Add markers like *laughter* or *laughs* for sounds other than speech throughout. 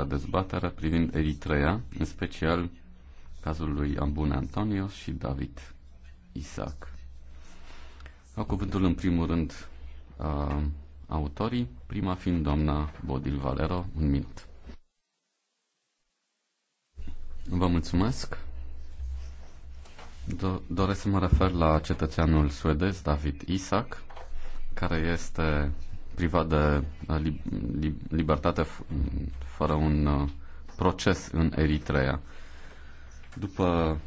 există dezbaterea privind Eritrea, în special cazul lui Ambune Antonio și David Isaac. Au cuvântul în primul rând uh, autorii, prima fiind doamna Bodil Valero, un minut. Vă mulțumesc. Do- doresc să mă refer la cetățeanul suedez David Isaac, care este privat de uh, libertate fără un uh, proces în Eritrea. După uh,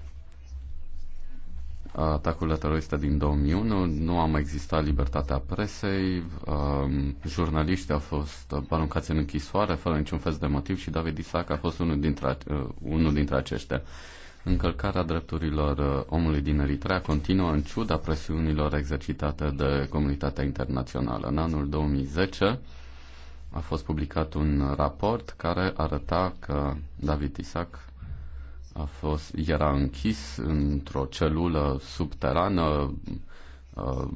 atacurile teroriste din 2001, nu a mai existat libertatea presei, um, jurnaliștii au fost aruncați în închisoare fără niciun fel de motiv și David Isaac a fost unul dintre, unul dintre aceștia. Încălcarea drepturilor uh, omului din Eritrea continuă în ciuda presiunilor exercitate de comunitatea internațională. În anul 2010 a fost publicat un raport care arăta că David Isaac a fost, era închis într-o celulă subterană uh,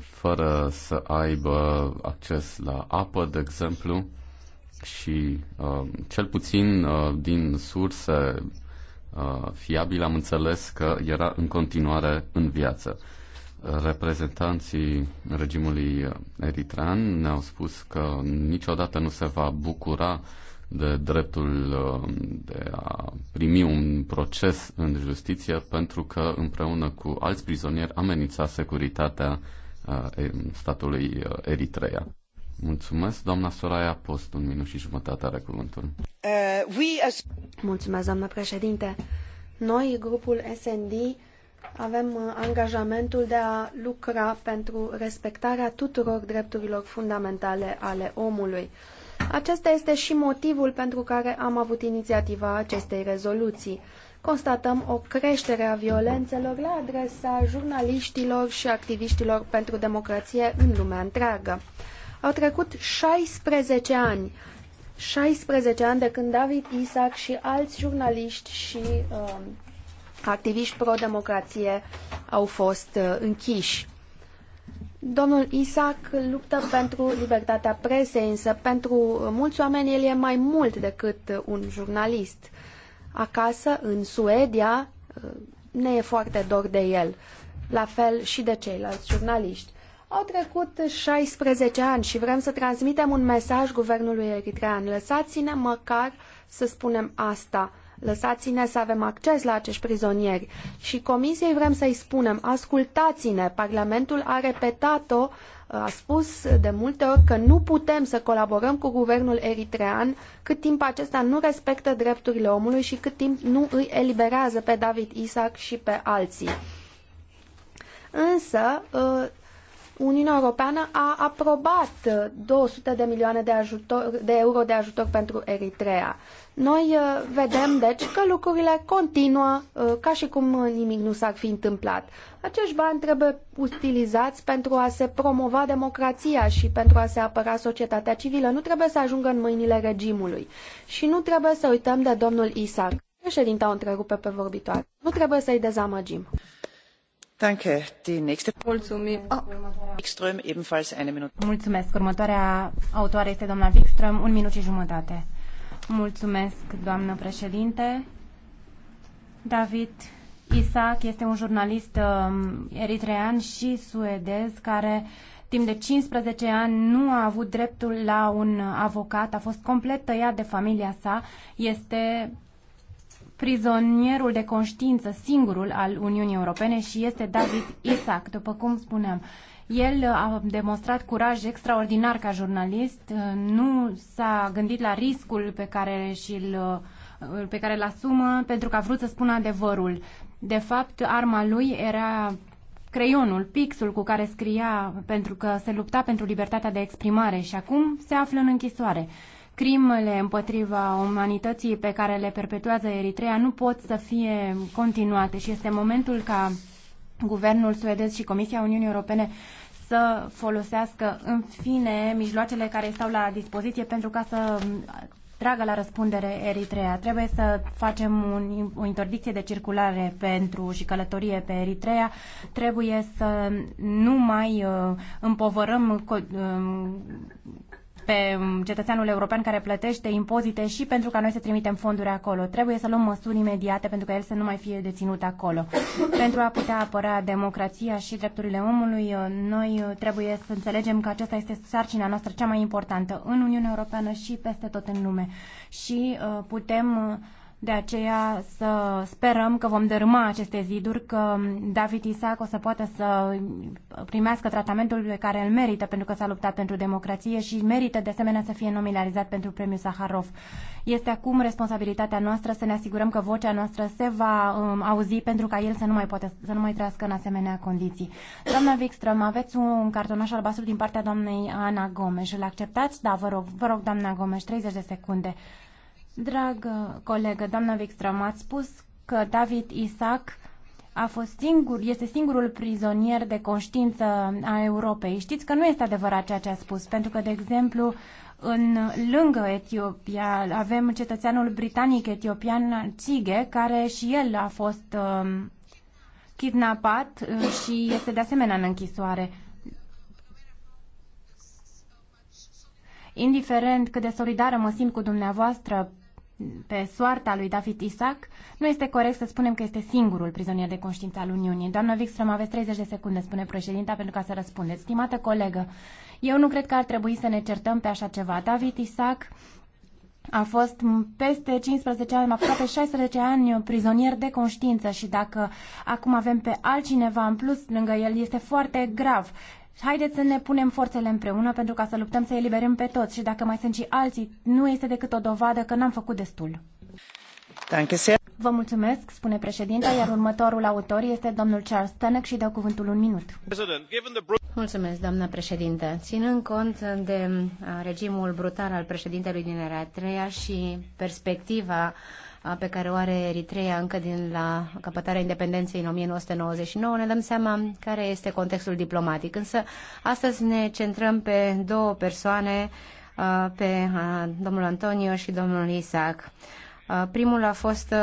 fără să aibă acces la apă, de exemplu, și uh, cel puțin din surse Uh, fiabil, am înțeles că era în continuare în viață. Reprezentanții regimului eritrean ne-au spus că niciodată nu se va bucura de dreptul uh, de a primi un proces în justiție pentru că împreună cu alți prizonieri amenința securitatea uh, statului Eritrea. Mulțumesc, doamna Soraya Post, un minut și jumătate are cuvântul. Uh, Mulțumesc, doamna președinte. Noi, grupul SND, avem uh, angajamentul de a lucra pentru respectarea tuturor drepturilor fundamentale ale omului. Acesta este și motivul pentru care am avut inițiativa acestei rezoluții. Constatăm o creștere a violențelor la adresa jurnaliștilor și activiștilor pentru democrație în lumea întreagă. Au trecut 16 ani. 16 ani de când David Isaac și alți jurnaliști și uh, activiști pro-democrație au fost uh, închiși. Domnul Isaac luptă pentru libertatea presei, însă pentru mulți oameni el e mai mult decât un jurnalist. Acasă, în Suedia, uh, ne e foarte dor de el, la fel și de ceilalți jurnaliști. Au trecut 16 ani și vrem să transmitem un mesaj guvernului eritrean. Lăsați-ne măcar să spunem asta. Lăsați-ne să avem acces la acești prizonieri. Și comisiei vrem să-i spunem, ascultați-ne. Parlamentul a repetat-o, a spus de multe ori că nu putem să colaborăm cu guvernul eritrean cât timp acesta nu respectă drepturile omului și cât timp nu îi eliberează pe David Isaac și pe alții. Însă, ă, Uniunea Europeană a aprobat 200 de milioane de, ajutor, de euro de ajutor pentru Eritrea. Noi uh, vedem, deci, că lucrurile continuă uh, ca și cum nimic nu s-ar fi întâmplat. Acești bani trebuie utilizați pentru a se promova democrația și pentru a se apăra societatea civilă. Nu trebuie să ajungă în mâinile regimului. Și nu trebuie să uităm de domnul Isaac. Președinta o întrerupe pe vorbitoare. Nu trebuie să-i dezamăgim. Mulțumim. Ah. Mulțumesc. Următoarea autoare este doamna Wikström, un minut și jumătate. Mulțumesc, doamnă președinte. David Isaac este un jurnalist um, eritrean și suedez care timp de 15 ani nu a avut dreptul la un avocat, a fost complet tăiat de familia sa, este prizonierul de conștiință singurul al Uniunii Europene și este David Isaac, după cum spuneam. El a demonstrat curaj extraordinar ca jurnalist, nu s-a gândit la riscul pe care și-l pe care îl asumă pentru că a vrut să spună adevărul. De fapt, arma lui era creionul, pixul cu care scria pentru că se lupta pentru libertatea de exprimare și acum se află în închisoare. Crimele împotriva umanității pe care le perpetuează Eritrea nu pot să fie continuate și este momentul ca guvernul suedez și Comisia Uniunii Europene să folosească în fine mijloacele care stau la dispoziție pentru ca să tragă la răspundere Eritrea. Trebuie să facem un, o interdicție de circulare pentru și călătorie pe Eritrea. Trebuie să nu mai uh, împovărăm co- uh, pe cetățeanul european care plătește impozite și pentru ca noi să trimitem fonduri acolo. Trebuie să luăm măsuri imediate pentru ca el să nu mai fie deținut acolo. pentru a putea apăra democrația și drepturile omului, uh, noi uh, trebuie să înțelegem că aceasta este sarcina noastră cea mai importantă în Uniunea Europeană și peste tot în lume. Și uh, putem de aceea să sperăm că vom dărâma aceste ziduri, că David Isaac o să poată să primească tratamentul pe care îl merită pentru că s-a luptat pentru democrație și merită de asemenea să fie nominalizat pentru premiul Saharov. Este acum responsabilitatea noastră să ne asigurăm că vocea noastră se va um, auzi pentru ca el să nu mai poate să nu mai trăiască în asemenea condiții. Doamna Wikström, aveți un cartonaș albastru din partea doamnei Ana Gomes. Îl acceptați? Da, vă rog, vă rog doamna Gomes, 30 de secunde. Dragă colegă, doamna Wikström, ați spus că David Isaac a fost singur, este singurul prizonier de conștiință a Europei. Știți că nu este adevărat ceea ce a spus, pentru că, de exemplu, în lângă Etiopia avem cetățeanul britanic etiopian Țige, care și el a fost um, uh, kidnapat și este de asemenea în închisoare. Indiferent cât de solidară mă simt cu dumneavoastră pe soarta lui David Isaac, nu este corect să spunem că este singurul prizonier de conștiință al Uniunii. Doamna Wikström, aveți 30 de secunde, spune președinta, pentru ca să răspundeți. Stimată colegă, eu nu cred că ar trebui să ne certăm pe așa ceva. David Isaac a fost peste 15 ani, aproape 16 ani prizonier de conștiință și dacă acum avem pe altcineva în plus lângă el, este foarte grav. Haideți să ne punem forțele împreună pentru ca să luptăm să eliberăm pe toți și dacă mai sunt și alții, nu este decât o dovadă că n-am făcut destul. Vă mulțumesc, spune președinta, iar următorul autor este domnul Charles Stanek și dă cuvântul un minut. Mulțumesc, doamnă președinte. Ținând cont de uh, regimul brutal al președintelui din Eritrea și perspectiva uh, pe care o are Eritreea încă din la capătarea independenței în 1999, ne dăm seama care este contextul diplomatic. Însă astăzi ne centrăm pe două persoane, pe domnul Antonio și domnul Isaac. Primul a fost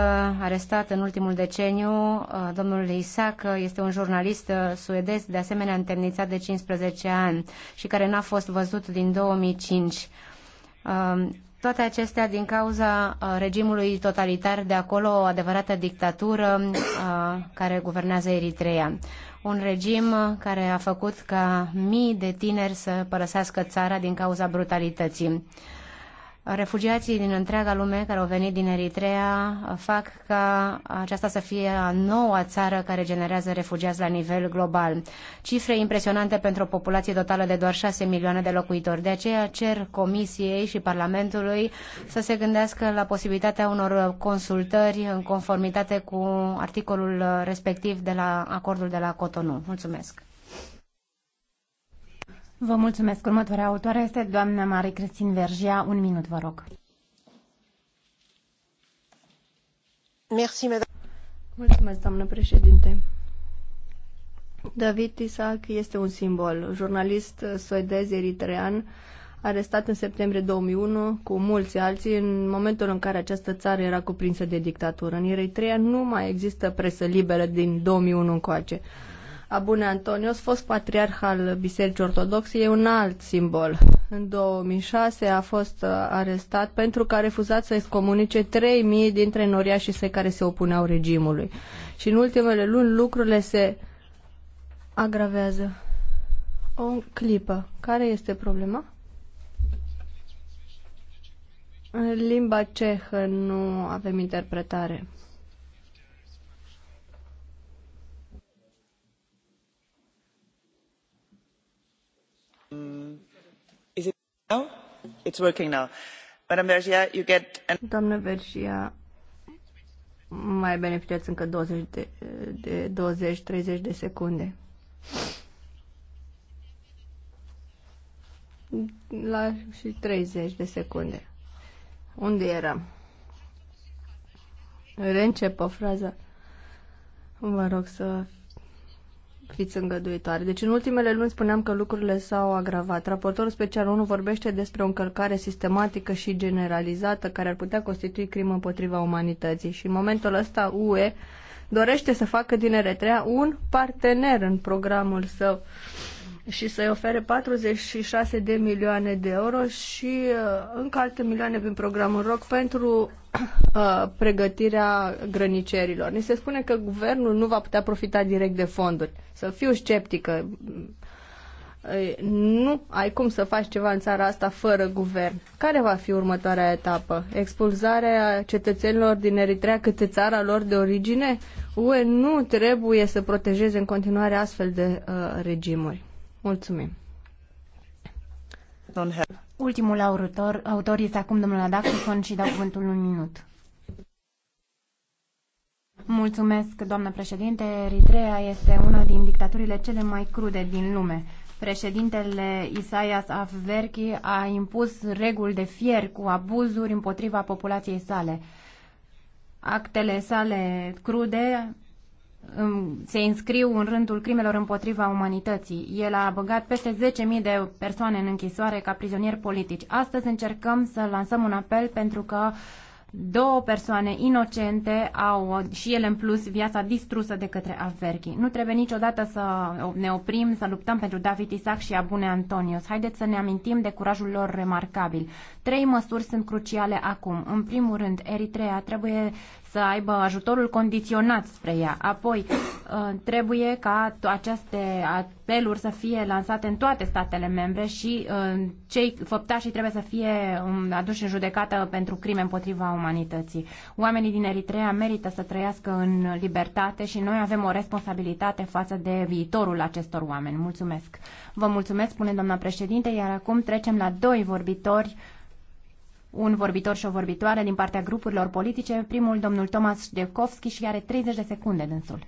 arestat în ultimul deceniu. Domnul Isaac este un jurnalist suedez, de asemenea întemnițat de 15 ani și care n-a fost văzut din 2005. Toate acestea din cauza uh, regimului totalitar de acolo, o adevărată dictatură uh, care guvernează Eritrea. Un regim uh, care a făcut ca mii de tineri să părăsească țara din cauza brutalității. Refugiații din întreaga lume care au venit din Eritrea uh, fac ca aceasta să fie a noua țară care generează refugiați la nivel global. Cifre impresionante pentru o populație totală de doar 6 milioane de locuitori. De aceea cer Comisiei și Parlamentului să se gândească la posibilitatea unor consultări în conformitate cu articolul respectiv de la acordul de la Cotonou. Mulțumesc! Vă mulțumesc. Următoarea autoare este doamna Mare Cristin Vergia. Un minut, vă rog. Merci, mulțumesc, doamnă președinte. David Isaac este un simbol, jurnalist suedez eritrean, arestat în septembrie 2001 cu mulți alții în momentul în care această țară era cuprinsă de dictatură. În Eritrea nu mai există presă liberă din 2001 încoace. Abune Antonios, fost patriarh al Bisericii Ortodoxe, e un alt simbol. În 2006 a fost uh, arestat pentru că a refuzat să excomunice 3000 dintre noriașii săi care se opuneau regimului. Și în ultimele luni lucrurile se agravează. O clipă. Care este problema? În limba cehă nu avem interpretare. Oh, Doamnă vergiat mai beneficiați încă douăzeci de, de 20 30 de secunde. La și treizeci de secunde. Unde eram? Reîncep o frază. Vă rog să fiți îngăduitoare. Deci în ultimele luni spuneam că lucrurile s-au agravat. Raportorul special 1 vorbește despre o încălcare sistematică și generalizată care ar putea constitui crimă împotriva umanității și în momentul ăsta UE dorește să facă din Eritrea un partener în programul său și să-i ofere 46 de milioane de euro și uh, încă alte milioane prin programul ROC pentru uh, pregătirea grănicerilor. Ni se spune că guvernul nu va putea profita direct de fonduri. Să fiu sceptică. Nu ai cum să faci ceva în țara asta fără guvern. Care va fi următoarea etapă? Expulzarea cetățenilor din Eritrea către țara lor de origine? UE nu trebuie să protejeze în continuare astfel de uh, regimuri. Mulțumim. Ultimul autor, autor este acum domnul Adacucon și dau cuvântul un minut. Mulțumesc, doamnă președinte. Eritrea este una din dictaturile cele mai crude din lume. Președintele Isaias Afwerki a impus reguli de fier cu abuzuri împotriva populației sale. Actele sale crude se înscriu în rândul crimelor împotriva umanității. El a băgat peste 10.000 de persoane în închisoare ca prizonieri politici. Astăzi încercăm să lansăm un apel pentru că două persoane inocente au și ele în plus viața distrusă de către Averchi. Nu trebuie niciodată să ne oprim, să luptăm pentru David Isaac și Abune Antonios. Haideți să ne amintim de curajul lor remarcabil. Trei măsuri sunt cruciale acum. În primul rând, Eritrea trebuie să aibă ajutorul condiționat spre ea. Apoi, ă, trebuie ca aceste apeluri să fie lansate în toate statele membre și ă, cei făptași trebuie să fie um, aduși în judecată pentru crime împotriva umanității. Oamenii din Eritrea merită să trăiască în libertate și noi avem o responsabilitate față de viitorul acestor oameni. Mulțumesc! Vă mulțumesc, spune doamna președinte, iar acum trecem la doi vorbitori un vorbitor și o vorbitoare din partea grupurilor politice, primul domnul Tomas Ștevkovski și are 30 de secunde dânsul.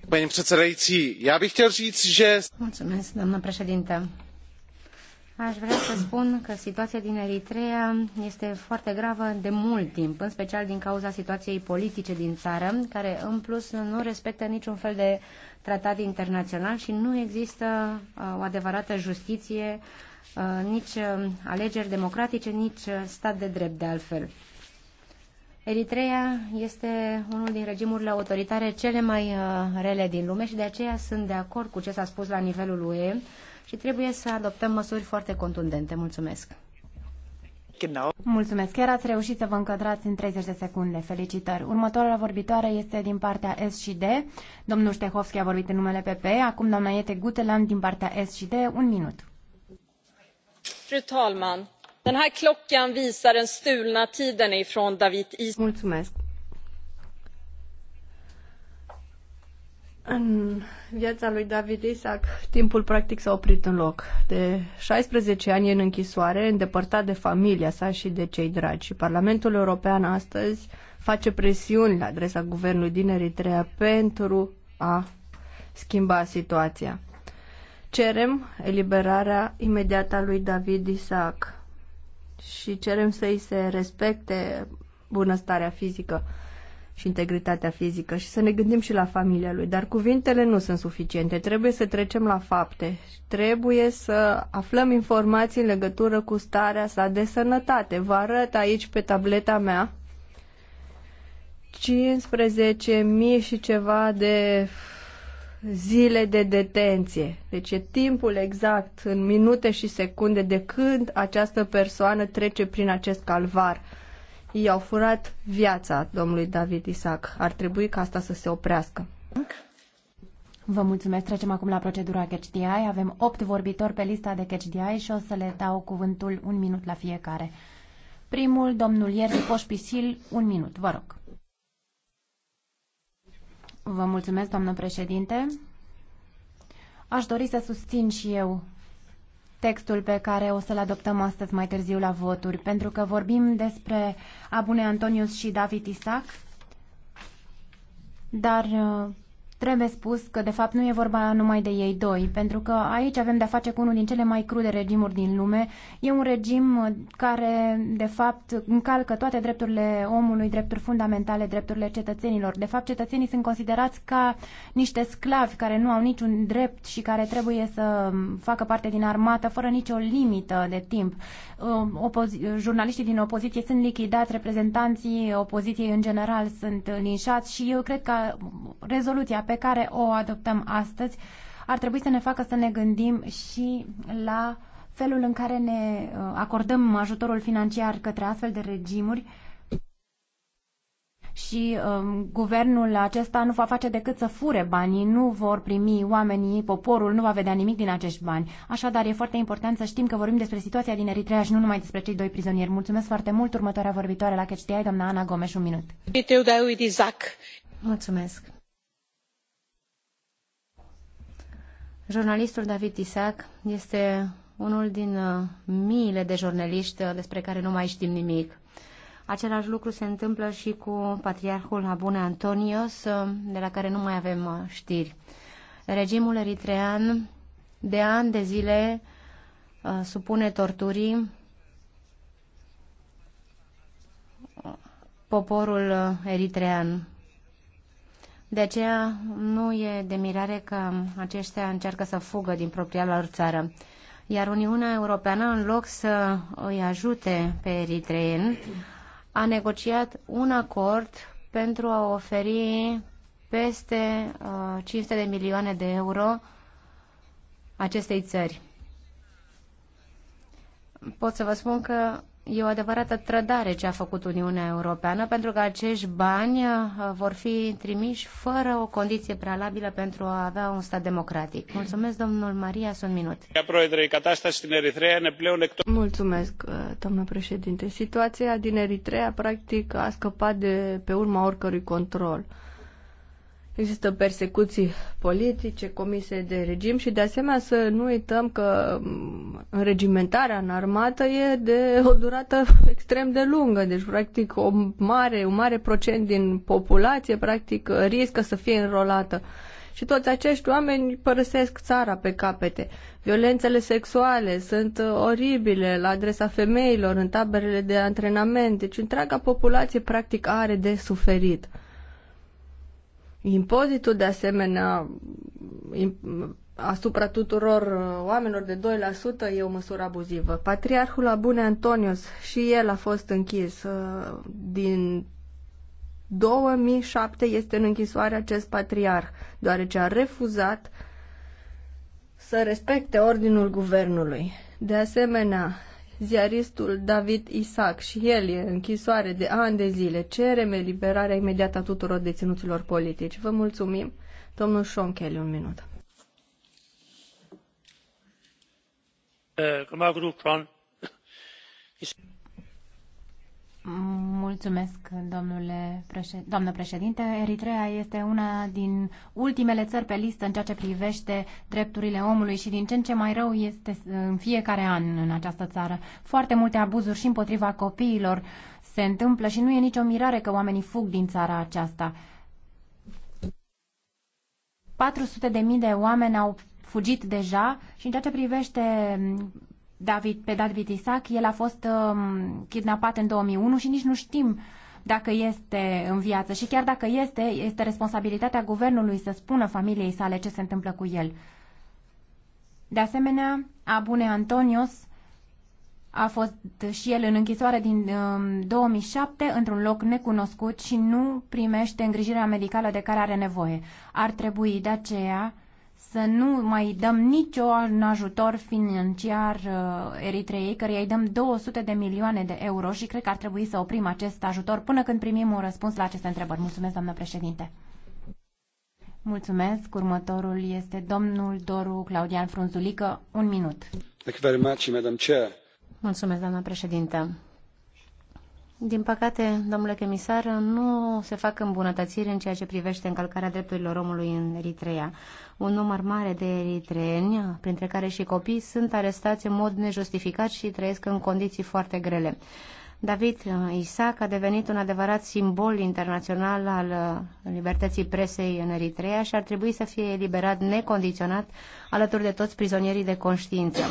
Mulțumesc, doamnă președintă. Aș vrea să spun că situația din Eritrea este foarte gravă de mult timp, în special din cauza situației politice din țară, care în plus nu respectă niciun fel de tratat internațional și nu există uh, o adevărată justiție Uh, nici uh, alegeri democratice, nici uh, stat de drept de altfel. Eritrea este unul din regimurile autoritare cele mai rele din lume și de aceea sunt de acord cu ce s-a spus la nivelul UE și trebuie să adoptăm măsuri foarte contundente. Mulțumesc! Mulțumesc! Chiar ați reușit să vă încadrați în 30 de secunde. Felicitări! Următoarea vorbitoare este din partea S și D. Domnul Ștehovski a vorbit în numele PP, acum doamna Iete Guteland din partea S și D. Un minut fru talman! den här klockan visar den stulna tiden dawit În viața lui David Isaac, timpul practic s-a oprit în loc. De 16 ani în închisoare, îndepărtat de familia sa și de cei dragi. Și Parlamentul European astăzi face presiuni la adresa guvernului din Eritrea pentru a schimba situația. Cerem eliberarea imediată a lui David Isaac și cerem să îi se respecte bunăstarea fizică și integritatea fizică și să ne gândim și la familia lui. Dar cuvintele nu sunt suficiente. Trebuie să trecem la fapte. Trebuie să aflăm informații în legătură cu starea sa de sănătate. Vă arăt aici pe tableta mea 15.000 și ceva de zile de detenție. Deci e timpul exact, în minute și secunde, de când această persoană trece prin acest calvar. I-au furat viața domnului David Isaac. Ar trebui ca asta să se oprească. Vă mulțumesc. Trecem acum la procedura CatchDI. Avem 8 vorbitori pe lista de CatchDI și o să le dau cuvântul un minut la fiecare. Primul, domnul Ierzi Poșpisil, un minut, vă rog. Vă mulțumesc, doamnă președinte. Aș dori să susțin și eu textul pe care o să-l adoptăm astăzi mai târziu la voturi, pentru că vorbim despre Abune Antonius și David Isaac, dar uh, Trebuie spus că, de fapt, nu e vorba numai de ei doi, pentru că aici avem de-a face cu unul din cele mai crude regimuri din lume. E un regim uh, care, de fapt, încalcă toate drepturile omului, drepturi fundamentale, drepturile cetățenilor. De fapt, cetățenii sunt considerați ca niște sclavi care nu au niciun drept și care trebuie să um, facă parte din armată fără nicio limită de timp. Uh, opozi- jurnaliștii din opoziție sunt lichidați, reprezentanții opoziției în general sunt linșați și eu cred că rezoluția pe pe care o adoptăm astăzi ar trebui să ne facă să ne gândim și la felul în care ne uh, acordăm ajutorul financiar către astfel de regimuri și um, guvernul acesta nu va face decât să fure banii, nu vor primi oamenii, poporul nu va vedea nimic din acești bani. Așadar, e foarte important să știm că vorbim despre situația din Eritrea și nu numai despre cei doi prizonieri. Mulțumesc foarte mult. Următoarea vorbitoare la CHTI, doamna Ana Gomes, un minut. Mulțumesc. Jurnalistul David Isaac este unul din uh, miile de jurnaliști uh, despre care nu mai știm nimic. Același lucru se întâmplă și cu patriarhul Abune Antonios, uh, de la care nu mai avem știri. Regimul eritrean de ani de zile supune torturii poporul eritrean de aceea nu e de mirare că aceștia încearcă să fugă din propria lor țară. Iar Uniunea Europeană, în loc să îi ajute pe eritreeni, a negociat un acord pentru a oferi peste 500 uh, de milioane de euro acestei țări. Pot să vă spun că E o adevărată trădare ce a făcut Uniunea Europeană, pentru că acești bani uh, vor fi trimiși fără o condiție prealabilă pentru a avea un stat democratic. Mulțumesc, domnul Maria, sunt minut. Mulțumesc, uh, doamnă președinte. Situația din Eritrea, practic, a scăpat de pe urma oricărui control. Există persecuții politice comise de regim și de asemenea să nu uităm că mm, înregimentarea în armată e de o durată extrem de lungă, deci practic o mare, un mare procent din populație practic riscă să fie înrolată. Și toți acești oameni părăsesc țara pe capete. Violențele sexuale sunt oribile la adresa femeilor în taberele de antrenament, deci întreaga populație practic are de suferit. Impozitul, de asemenea, asupra tuturor uh, oamenilor de 2% e o măsură abuzivă. Patriarhul Abune Antonius și el a fost închis. Uh, din 2007 este în închisoare acest patriarh, deoarece a refuzat să respecte ordinul guvernului. De asemenea, ziaristul David Isaac și el e închisoare de ani de zile. Cerem eliberarea imediată a tuturor deținuților politici. Vă mulțumim. Domnul Sean Kelly, un minut. Uh, *laughs* Mulțumesc, domnule președ... doamnă președinte. Eritrea este una din ultimele țări pe listă în ceea ce privește drepturile omului și din ce în ce mai rău este uh, în fiecare an în această țară. Foarte multe abuzuri și împotriva copiilor se întâmplă și nu e nicio mirare că oamenii fug din țara aceasta. 400.000 de mii de oameni au fugit deja și în ceea ce privește David, pe David Isaac. El a fost uh, kidnapat în 2001 și nici nu știm dacă este în viață. Și chiar dacă este, este responsabilitatea guvernului să spună familiei sale ce se întâmplă cu el. De asemenea, Abune Antonios a fost și el în închisoare din um, 2007 într-un loc necunoscut și nu primește îngrijirea medicală de care are nevoie. Ar trebui de aceea să nu mai dăm niciun ajutor financiar uh, Eritreei, căreia îi dăm 200 de milioane de euro și cred că ar trebui să oprim acest ajutor până când primim un răspuns la aceste întrebări. Mulțumesc, doamnă președinte. Mulțumesc. Următorul este domnul Doru Claudian Frunzulică. Un minut. Thank you very much, Madam Chair. Mulțumesc, doamnă președinte. Din păcate, domnule comisar, nu se fac îmbunătățiri în ceea ce privește încălcarea drepturilor omului în Eritrea. Un număr mare de eritreeni, printre care și copii, sunt arestați în mod nejustificat și trăiesc în condiții foarte grele. David Isaac a devenit un adevărat simbol internațional al libertății presei în Eritrea și ar trebui să fie eliberat necondiționat alături de toți prizonierii de conștiință.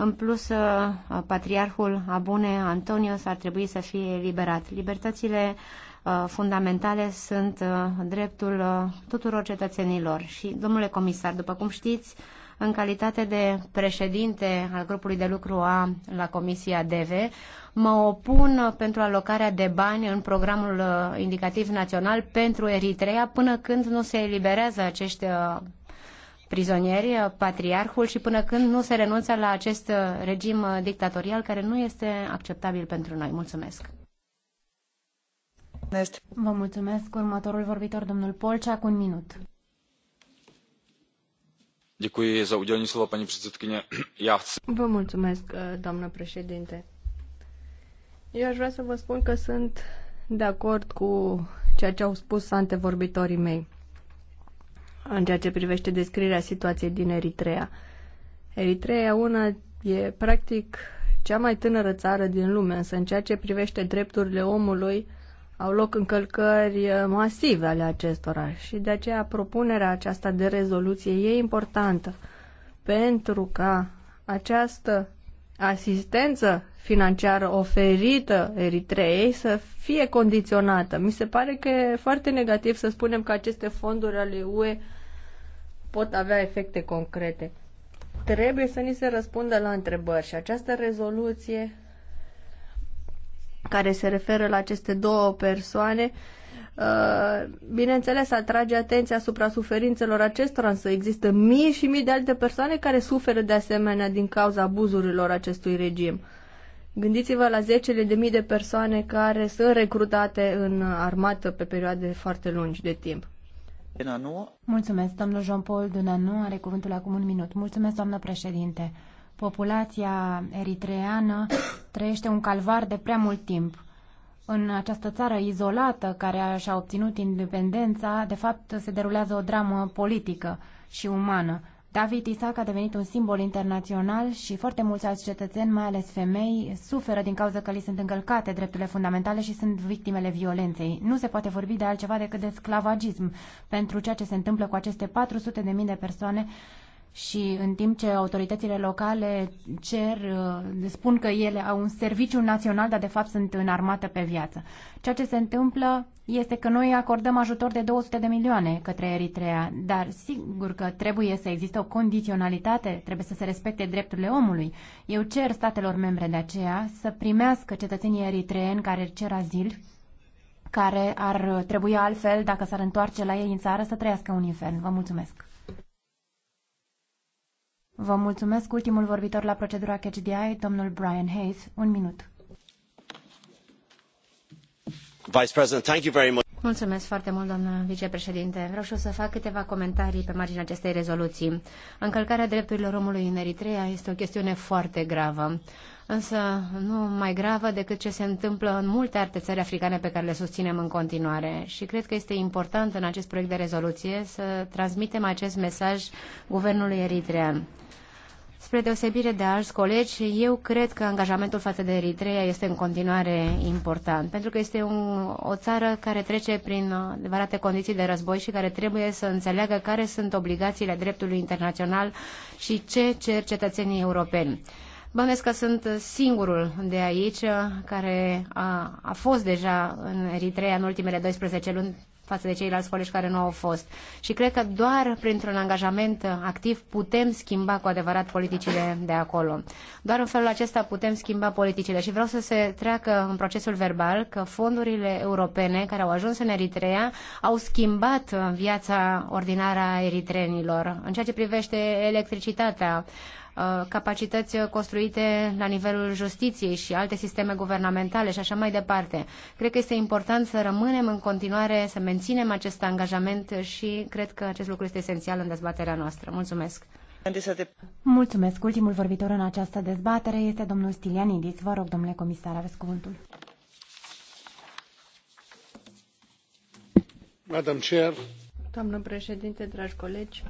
În plus, uh, patriarhul Abune Antonios ar trebui să fie eliberat. Libertățile uh, fundamentale sunt uh, dreptul tuturor cetățenilor. Și, domnule comisar, după cum știți, în calitate de președinte al grupului de lucru A la Comisia DV, mă opun pentru alocarea de bani în programul indicativ național pentru Eritrea până când nu se eliberează acești prizonieri, uh, patriarhul și până când nu se renunță la acest uh, regim uh, dictatorial care nu este acceptabil pentru noi. Mulțumesc! Vă mulțumesc. Următorul vorbitor, domnul Polcea, cu un minut. Vă mulțumesc, doamnă președinte. Eu aș vrea să vă spun că sunt de acord cu ceea ce au spus antevorbitorii mei în ceea ce privește descrierea situației din Eritrea. Eritrea una e practic cea mai tânără țară din lume, însă în ceea ce privește drepturile omului au loc încălcări masive ale acestora și de aceea propunerea aceasta de rezoluție e importantă pentru ca această asistență financiară oferită Eritreei să fie condiționată. Mi se pare că e foarte negativ să spunem că aceste fonduri ale UE pot avea efecte concrete. Trebuie să ni se răspundă la întrebări și această rezoluție care se referă la aceste două persoane, uh, bineînțeles, atrage atenția asupra suferințelor acestora, însă există mii și mii de alte persoane care suferă de asemenea din cauza abuzurilor acestui regim. Gândiți-vă la zecele de mii de persoane care sunt recrutate în armată pe perioade foarte lungi de timp. Mulțumesc, domnul Jean-Paul Dunanu are cuvântul acum un minut. Mulțumesc, doamnă președinte. Populația eritreană *coughs* trăiește un calvar de prea mult timp. În această țară izolată care și-a obținut independența, de fapt se derulează o dramă politică și umană. David Isaac a devenit un simbol internațional și foarte mulți alți cetățeni, mai ales femei, suferă din cauza că li sunt încălcate drepturile fundamentale și sunt victimele violenței. Nu se poate vorbi de altceva decât de sclavagism pentru ceea ce se întâmplă cu aceste 400.000 de mii de persoane și în timp ce autoritățile locale cer, uh, spun că ele au un serviciu național, dar de fapt sunt în armată pe viață. Ceea ce se întâmplă este că noi acordăm ajutor de 200 de milioane către Eritrea, dar sigur că trebuie să existe o condiționalitate, trebuie să se respecte drepturile omului. Eu cer statelor membre de aceea să primească cetățenii eritreeni care cer azil, care ar trebui altfel, dacă s-ar întoarce la ei în țară, să trăiască un infern. Vă mulțumesc! Vă mulțumesc. Ultimul vorbitor la procedura CHDI, domnul Brian Hayes. Un minut. Vice President, thank you very much. Mulțumesc foarte mult, doamnă vicepreședinte. Vreau și să fac câteva comentarii pe marginea acestei rezoluții. Încălcarea drepturilor omului în Eritrea este o chestiune foarte gravă, însă nu mai gravă decât ce se întâmplă în multe alte țări africane pe care le susținem în continuare. Și cred că este important în acest proiect de rezoluție să transmitem acest mesaj guvernului eritrean. Spre deosebire de alți colegi, eu cred că angajamentul față de Eritrea este în continuare important, pentru că este un, o țară care trece prin adevărate condiții de război și care trebuie să înțeleagă care sunt obligațiile dreptului internațional și ce cer cetățenii europeni. Bănesc că sunt singurul de aici care a, a fost deja în Eritrea în ultimele 12 luni față de ceilalți colegi care nu au fost. Și cred că doar printr-un angajament activ putem schimba cu adevărat politicile de acolo. Doar în felul acesta putem schimba politicile și vreau să se treacă în procesul verbal că fondurile europene care au ajuns în Eritrea au schimbat viața ordinară a eritrenilor. în ceea ce privește electricitatea, Uh, capacități construite la nivelul justiției și alte sisteme guvernamentale și așa mai departe. Cred că este important să rămânem în continuare, să menținem acest angajament și cred că acest lucru este esențial în dezbaterea noastră. Mulțumesc! Mulțumesc! Ultimul vorbitor în această dezbatere este domnul Stilianidis. Vă rog, domnule comisar, aveți cuvântul. Madam Chair. Doamnă președinte, dragi colegi,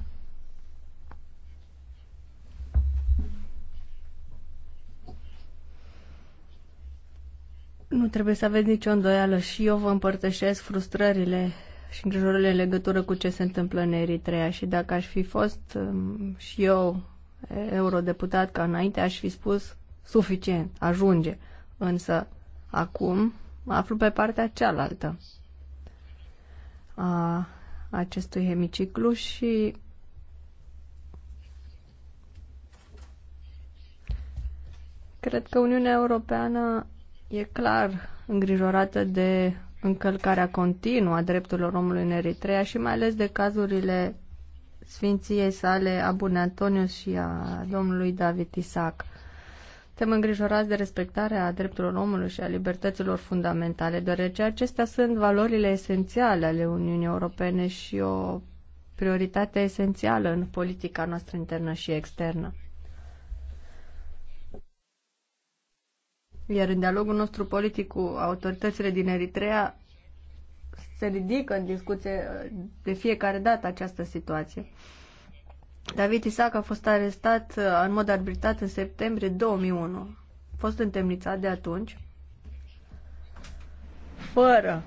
Nu trebuie să aveți nicio îndoială și eu vă împărtășesc frustrările și îngrijorările în legătură cu ce se întâmplă în Eritrea și dacă aș fi fost um, și eu eurodeputat ca înainte, aș fi spus suficient, ajunge. Însă acum mă aflu pe partea cealaltă a acestui hemiciclu și cred că Uniunea Europeană e clar îngrijorată de încălcarea continuă a drepturilor omului în Eritrea și mai ales de cazurile sfinției sale a Bun Antonius și a domnului David Isaac. Suntem îngrijorați de respectarea drepturilor omului și a libertăților fundamentale, deoarece acestea sunt valorile esențiale ale Uniunii Europene și o prioritate esențială în politica noastră internă și externă. Iar în dialogul nostru politic cu autoritățile din Eritrea se ridică în discuție uh, de fiecare dată această situație. David Isaac a fost arestat uh, în mod arbitrat în septembrie 2001. A fost întemnițat de atunci fără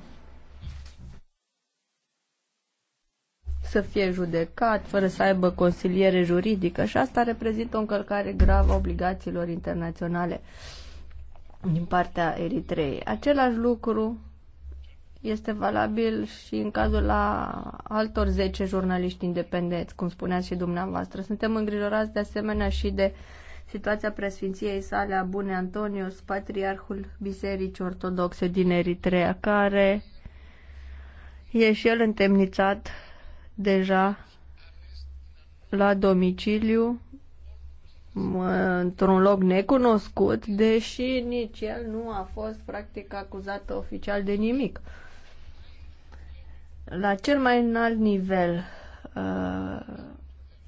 să fie judecat, fără să aibă consiliere juridică și asta reprezintă o încălcare gravă a obligațiilor internaționale din partea Eritrei. Același lucru este valabil și în cazul la altor 10 jurnaliști independenți, cum spuneați și dumneavoastră. Suntem îngrijorați de asemenea și de situația presfinției sale a Bune Antonios, patriarhul Bisericii Ortodoxe din Eritrea, care e și el întemnițat deja la domiciliu într-un loc necunoscut, deși nici el nu a fost practic acuzat oficial de nimic. La cel mai înalt nivel uh,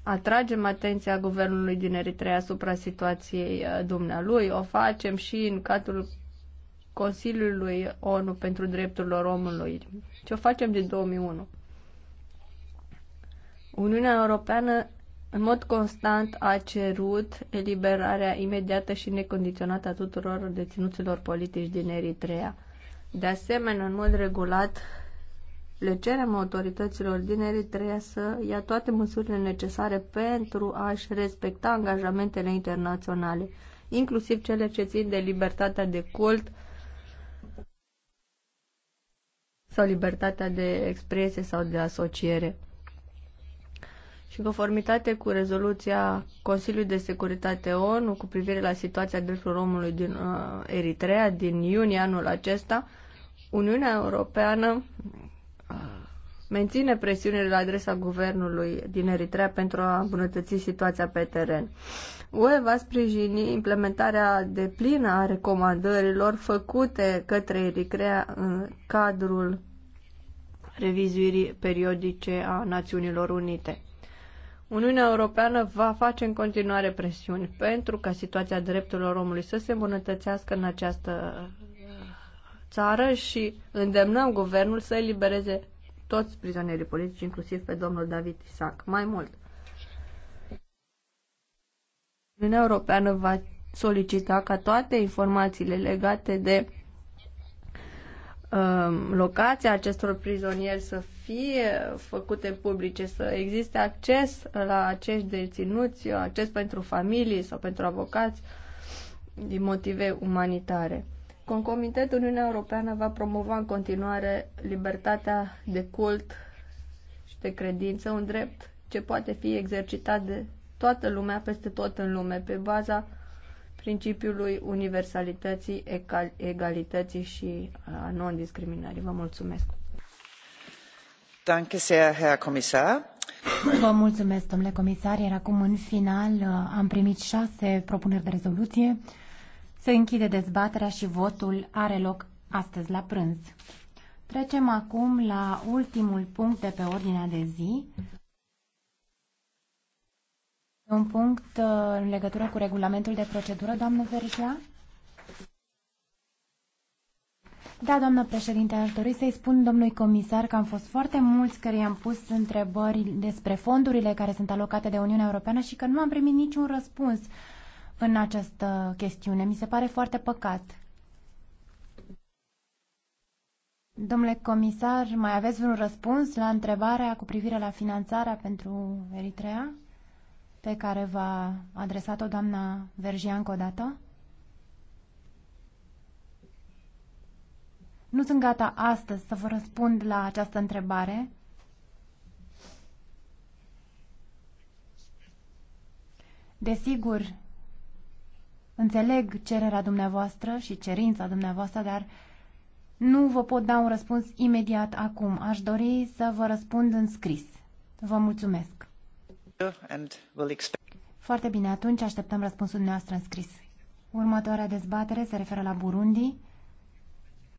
atragem atenția guvernului din Eritrea asupra situației uh, dumnealui, o facem și în cadrul Consiliului ONU pentru drepturile omului. Ce o facem din 2001? Uniunea Europeană în mod constant a cerut eliberarea imediată și necondiționată a tuturor deținuților politici din Eritrea. De asemenea, în mod regulat, le cerem autorităților din Eritrea să ia toate măsurile necesare pentru a-și respecta angajamentele internaționale, inclusiv cele ce țin de libertatea de cult sau libertatea de expresie sau de asociere și conformitate cu rezoluția Consiliului de Securitate ONU cu privire la situația drepturilor omului din uh, Eritrea din iunie anul acesta, Uniunea Europeană uh, menține presiunile la adresa guvernului din Eritrea pentru a îmbunătăți situația pe teren. UE va sprijini implementarea de plină a recomandărilor făcute către Eritrea în cadrul revizuirii periodice a Națiunilor Unite. Uniunea Europeană va face în continuare presiuni pentru ca situația drepturilor omului să se îmbunătățească în această uh, țară și îndemnăm guvernul să elibereze toți prizonierii politici, inclusiv pe domnul David Isaac. Mai mult, Uniunea Europeană va solicita ca toate informațiile legate de Um, locația acestor prizonieri să fie făcute publice, să existe acces la acești deținuți, acces pentru familii sau pentru avocați din motive umanitare. Concomitent, Uniunea Europeană va promova în continuare libertatea de cult și de credință, un drept ce poate fi exercitat de toată lumea peste tot în lume, pe baza principiului universalității, egalității și a non-discriminării. Vă mulțumesc! Vă mulțumesc, domnule comisar, iar acum, în final, am primit șase propuneri de rezoluție. Se închide dezbaterea și votul are loc astăzi la prânz. Trecem acum la ultimul punct de pe ordinea de zi. Un punct uh, în legătură cu regulamentul de procedură, doamnă Vericla? Da, doamnă președinte, aș dori să-i spun domnului comisar că am fost foarte mulți care i-am pus întrebări despre fondurile care sunt alocate de Uniunea Europeană și că nu am primit niciun răspuns în această chestiune. Mi se pare foarte păcat. Domnule comisar, mai aveți vreun răspuns la întrebarea cu privire la finanțarea pentru Eritrea? pe care v-a adresat-o doamna Vergian o dată? Nu sunt gata astăzi să vă răspund la această întrebare. Desigur, înțeleg cererea dumneavoastră și cerința dumneavoastră, dar nu vă pot da un răspuns imediat acum. Aș dori să vă răspund în scris. Vă mulțumesc. Foarte bine, atunci așteptăm răspunsul dumneavoastră în scris. Următoarea dezbatere se referă la Burundi.